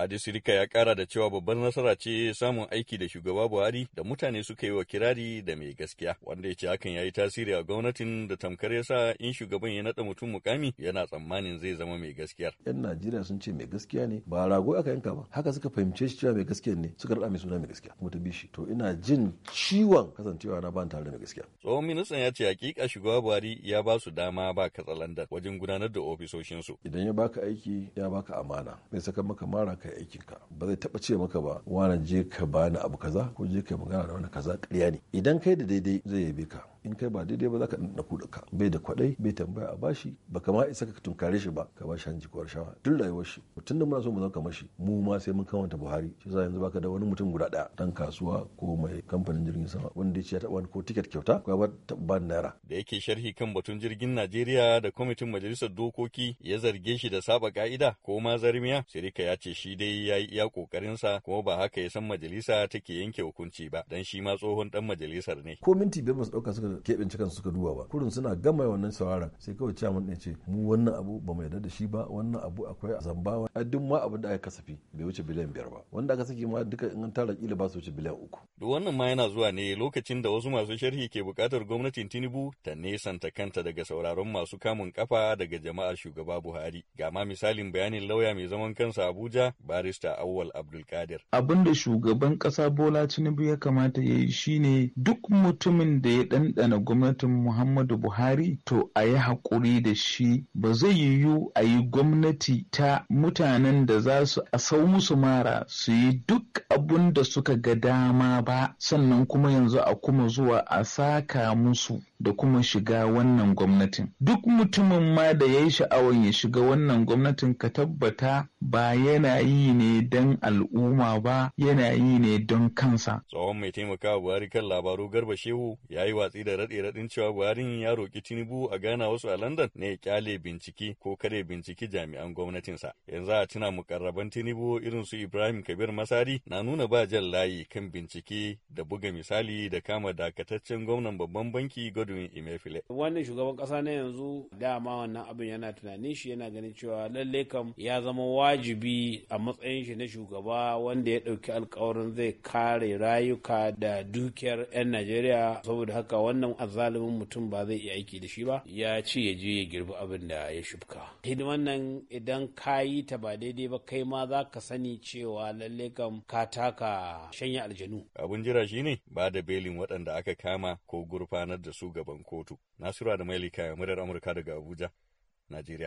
adi Sirika ya kara da cewa babban nasara ce samun aiki da shugaba Buhari da mutane suka yi wa kirari da mai gaskiya wanda ya ce hakan ya yi tasiri a gwamnatin da tamkar ya sa in shugaban ya naɗa mutum mukami yana tsammanin zai zama mai gaskiyar. 'Yan Najeriya sun ce mai gaskiya ne ba rago aka yanka ba haka suka fahimce shi cewa mai gaskiya ne suka raɗa mai suna mai gaskiya kuma ta bishi to ina jin ciwon kasancewa na ban tare da mai gaskiya. Tsohon ministan ya ce hakika shugaba Buhari ya ba su dama ba katsalandar wajen gudanar da ofisoshinsu. Idan ya baka aiki ya baka amana mai saka maka mara ka kai ka ba zai taba ce maka ba wani je ka bani abu kaza ko je ka magana da wani kaza ƙarya ne idan kai da daidai zai yabe ka in kai ba daidai ba za ka ɗanɗaku da ka bai da kwaɗai bai tambaya a bashi ba kama isa ka tunkare shi ba ka bashi hanji ko shawa tun rayuwar shi tun da muna so mu zama kama shi mu ma sai mun kamanta Buhari shi yasa yanzu baka da wani mutum guda ɗaya dan kasuwa ko mai kamfanin jirgin sama wanda ya ce ya taɓa ko tiket kyauta ko ya ba naira da yake sharhi kan batun jirgin Najeriya da kwamitin majalisar dokoki ya zarge shi da saba ka'ida ko ma zarmiya Sirika ya ce shi dai ya yi iya sa kuma ba haka ya san majalisa take yanke hukunci ba dan shi ma tsohon dan majalisar ne ko minti biyar ba su ɗauka suka keɓin cikan suka duba ba kurin suna gama wannan sauraron sai kawai ciyaman ɗaya ce mu wannan abu ba mu yarda da shi ba wannan abu akwai zambawa a duk ma abin da aka kasafi bai wuce biliyan biyar ba wanda aka saki ma duka in an tara kila ba su wuce biliyan uku. duk wannan ma yana zuwa ne lokacin da wasu masu sharhi ke buƙatar gwamnatin tinubu ta nesanta kanta daga sauraron masu kamun kafa daga jama'ar shugaba buhari ga ma misalin bayanin lauya mai zaman kansa abuja barista awwal abdulkadir. abin da shugaban kasa bola tinubu ya kamata ya yi shine duk mutumin da ya ɗanɗana na gwamnatin Muhammadu Buhari to a yi haƙuri da shi ba zai yiwu a yi gwamnati ta mutanen da za su a sau musu mara su yi duk abun da suka ga dama ba sannan kuma yanzu a kuma zuwa a saka musu da kuma shiga wannan gwamnatin. Duk mutumin ma da ya yi sha'awan ya shiga wannan gwamnatin ka tabbata ba yana yi ne don al'umma ba yana yi ne don kansa. Tsohon mai taimakawa Buhari kan labaru Garba Shehu ya yi watsi da raɗe-raɗin cewa Buhari ya roƙi Tinubu a gana wasu a London ne ya kyale bincike ko kare bincike jami'an gwamnatinsa. Yanzu a tuna mukarraban Tinubu irin su Ibrahim Kabir Masari na nuna ba jan layi kan bincike da buga misali da kama dakataccen gwamnan babban banki godwin imefile wannan shugaban kasa na yanzu dama wannan abin yana tunanin shi yana ganin cewa lalle kam ya zama wajibi a matsayin shi na shugaba wanda ya ɗauki alkawarin zai kare rayuka da dukiyar 'yan najeriya saboda haka wannan azalimin mutum ba zai iya aiki da shi ba ya ci ya je ya girbi abin da ya shubka hidiman nan idan ka yi ta ba daidai ba kai ma za ka sani cewa lalle kam ka taka shanya aljanu abun jira ne ba da belin waɗanda aka kama ko gurfanar da su gaban kotu. Nasiru da Mailika, murar Amurka daga Abuja, Najeriya.